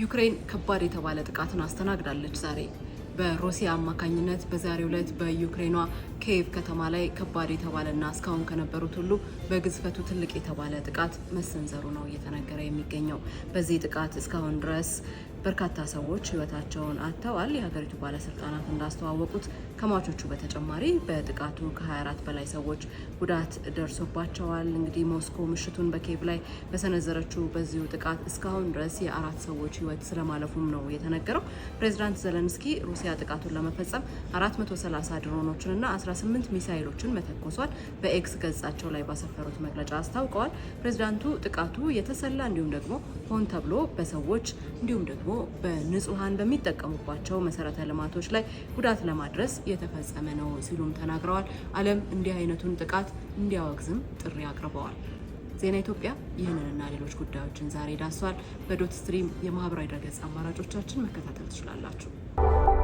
ዩክሬን ከባድ የተባለ ጥቃትን አስተናግዳለች። ዛሬ በሩሲያ አማካኝነት በዛሬው ዕለት በዩክሬኗ ኬቭ ከተማ ላይ ከባድ የተባለና እስካሁን ከነበሩት ሁሉ በግዝፈቱ ትልቅ የተባለ ጥቃት መሰንዘሩ ነው እየተነገረ የሚገኘው። በዚህ ጥቃት እስካሁን ድረስ በርካታ ሰዎች ህይወታቸውን አጥተዋል። የሀገሪቱ ባለስልጣናት እንዳስተዋወቁት ከሟቾቹ በተጨማሪ በጥቃቱ ከ24 በላይ ሰዎች ጉዳት ደርሶባቸዋል። እንግዲህ ሞስኮ ምሽቱን በኬቭ ላይ በሰነዘረችው በዚሁ ጥቃት እስካሁን ድረስ የአራት ሰዎች ህይወት ስለማለፉም ነው የተነገረው። ፕሬዚዳንት ዘለንስኪ ሩሲያ ጥቃቱን ለመፈጸም 430 ድሮኖችንና 18 ሚሳይሎችን መተኮሷል በኤክስ ገጻቸው ላይ ባሰፈሩት መግለጫ አስታውቀዋል። ፕሬዚዳንቱ ጥቃቱ የተሰላ እንዲሁም ደግሞ ሆን ተብሎ በሰዎች እንዲሁም ደግሞ ደግሞ በንጹሀን በሚጠቀሙባቸው መሰረተ ልማቶች ላይ ጉዳት ለማድረስ የተፈጸመ ነው ሲሉም ተናግረዋል። ዓለም እንዲህ አይነቱን ጥቃት እንዲያወግዝም ጥሪ አቅርበዋል። ዜና ኢትዮጵያ ይህንንና ሌሎች ጉዳዮችን ዛሬ ዳሷል። በዶት ስትሪም የማህበራዊ ድረገጽ አማራጮቻችን መከታተል ትችላላችሁ።